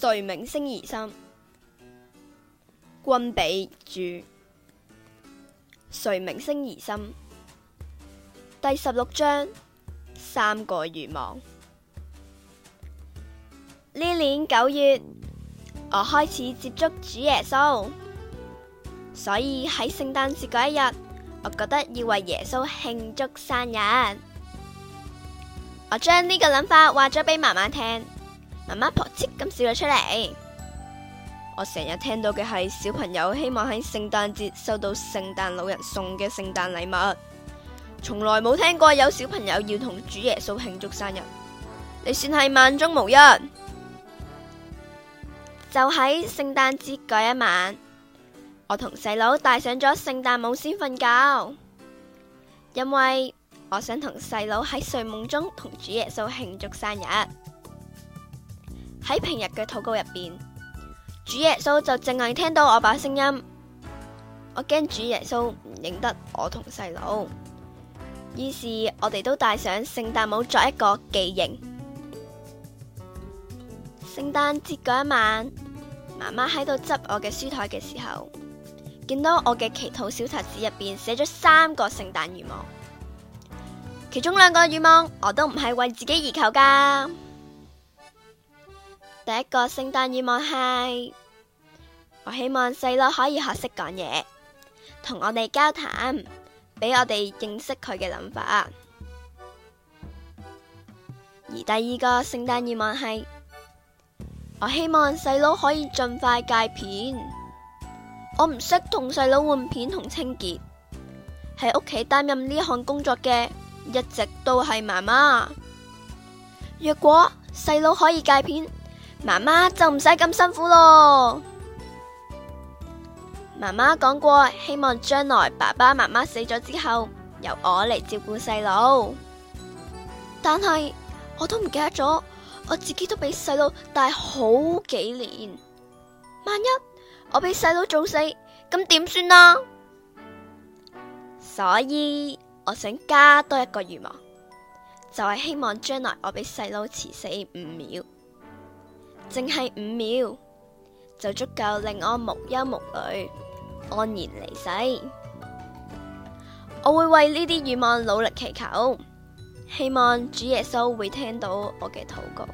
誰明星兒心，君比主。誰明星兒心。第十六章，三個願望。呢年九月，我開始接觸主耶穌，所以喺聖誕節嗰一日，我覺得要為耶穌慶祝生日。我將呢個諗法話咗俾媽媽聽。媽媽婆即咁笑咗出嚟。我成日聽到嘅，係小朋友希望喺聖誕節收到聖誕老人送嘅聖誕禮物，從來冇聽過有小朋友要同主耶穌慶祝生日。你算係萬中無一。就喺聖誕節嗰一晚，我同細佬戴上咗聖誕帽先瞓覺，因為我想同細佬喺睡夢中同主耶穌慶祝生日。喺平日嘅禱告入邊，主耶穌就淨係聽到我把聲音，我驚主耶穌唔認得我同細佬，於是我哋都戴上聖誕帽作一個記認。聖誕節嗰一晚，媽媽喺度執我嘅書台嘅時候，見到我嘅祈禱小冊子入邊寫咗三個聖誕願望，其中兩個願望我都唔係為自己而求噶。第一個聖誕願望係我希望細佬可以學識講嘢，同我哋交談，俾我哋認識佢嘅諗法。而第二個聖誕願望係我希望細佬可以盡快戒片。我唔識同細佬換片同清潔，喺屋企擔任呢項工作嘅一直都係媽媽。若果細佬可以戒片，媽媽就唔使咁辛苦咯。媽媽講過，希望將來爸爸媽媽死咗之後，由我嚟照顧細佬。但係我都唔記得咗，我自己都俾細佬大好幾年。萬一我俾細佬早死，咁點算啊？所以我想加多一個願望，就係希望將來我俾細佬遲死五秒。淨係五秒就足夠令我無憂無慮，安然離世。我會為呢啲願望努力祈求，希望主耶穌會聽到我嘅禱告。